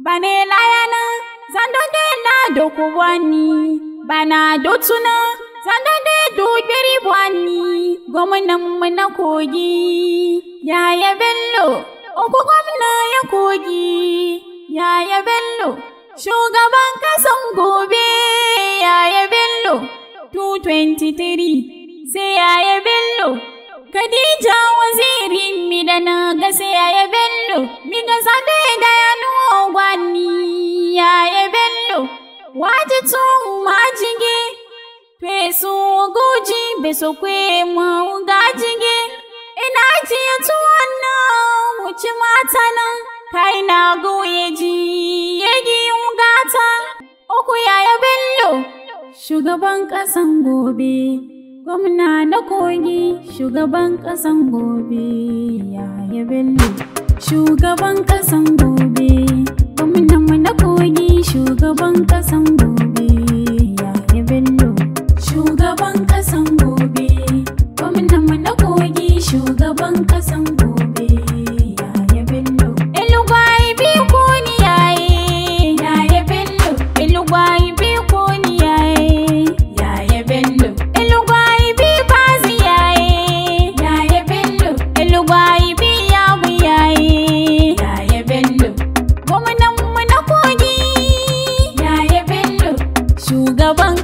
Banela layana, zandande na wani bana dotuna zandande dogeri bwani gwamnan mu na kogi yaya bello uku gwamna ya kogi yaya bello shugaban kasan gobe yaya bello 223 sai yaya bello Khadija wazirin mi da na gasa yaya bello, mi ga dai da ya nuwa gwani yaya bello, wata tun majige, fesu guji beso kwe ma gajige, ina ji ya tuwon na wuce mata nan, kai na goye ji ya yagi gata, uku yaya bello, shugaban ƙasan gobe. Gwamna na kogi shugaban ƙasan gobe Yahaya Bello. Shugaban ƙasan gobe, gwamnanmu na kogi shugaban ƙasan gobe. 不要忘。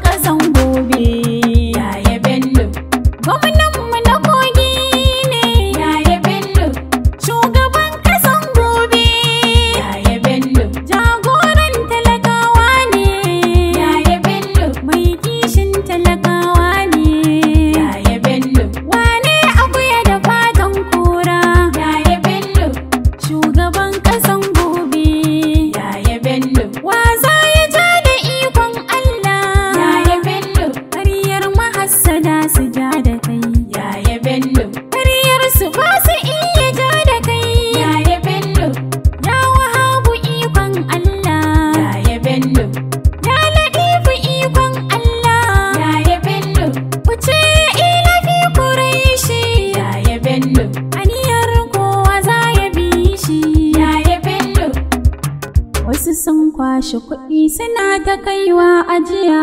kashe kuɗi suna ta kaiwa ajiya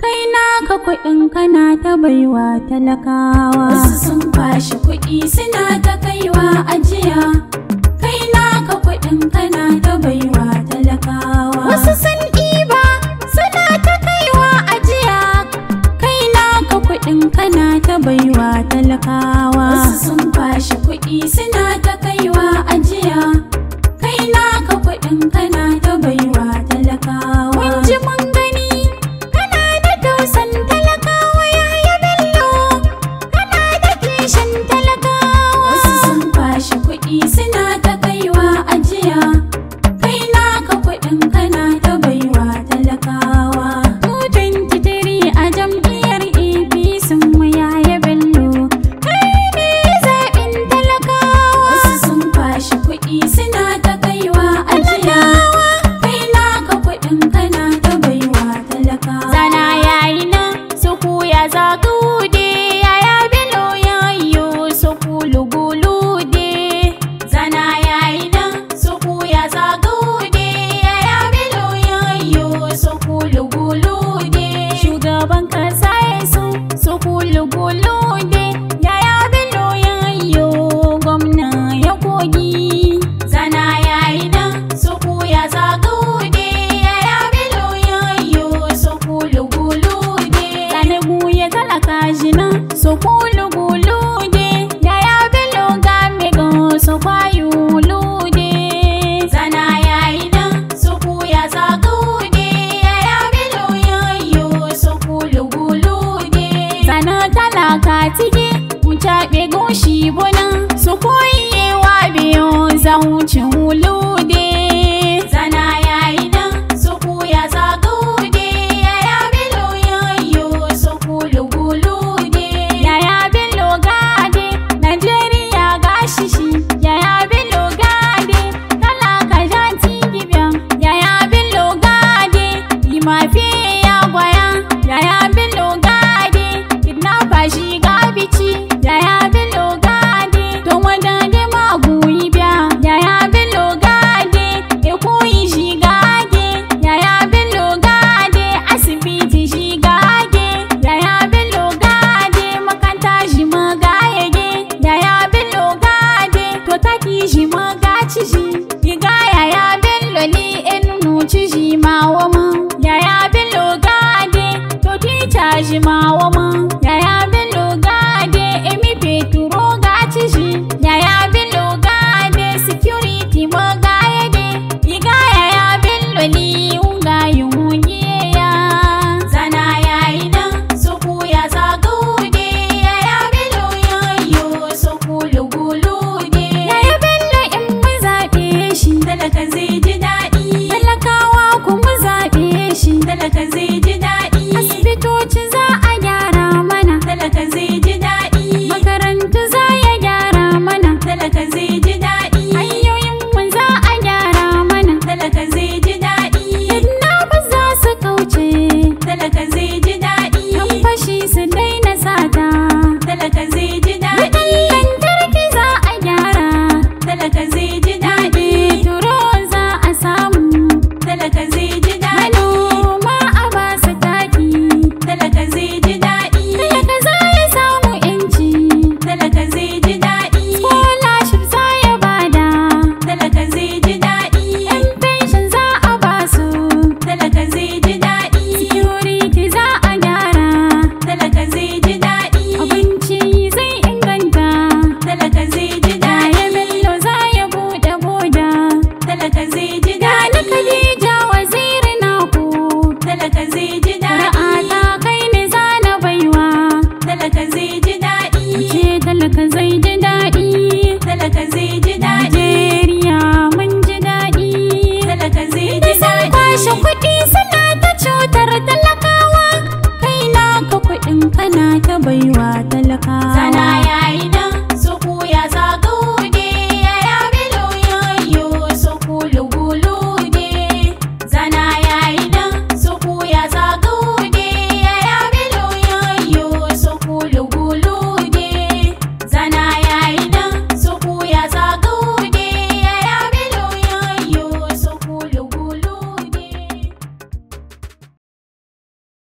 kai naka kuɗin kana ta baiwa talakawa wasu sun kwashe kuɗi suna ta kaiwa ajiya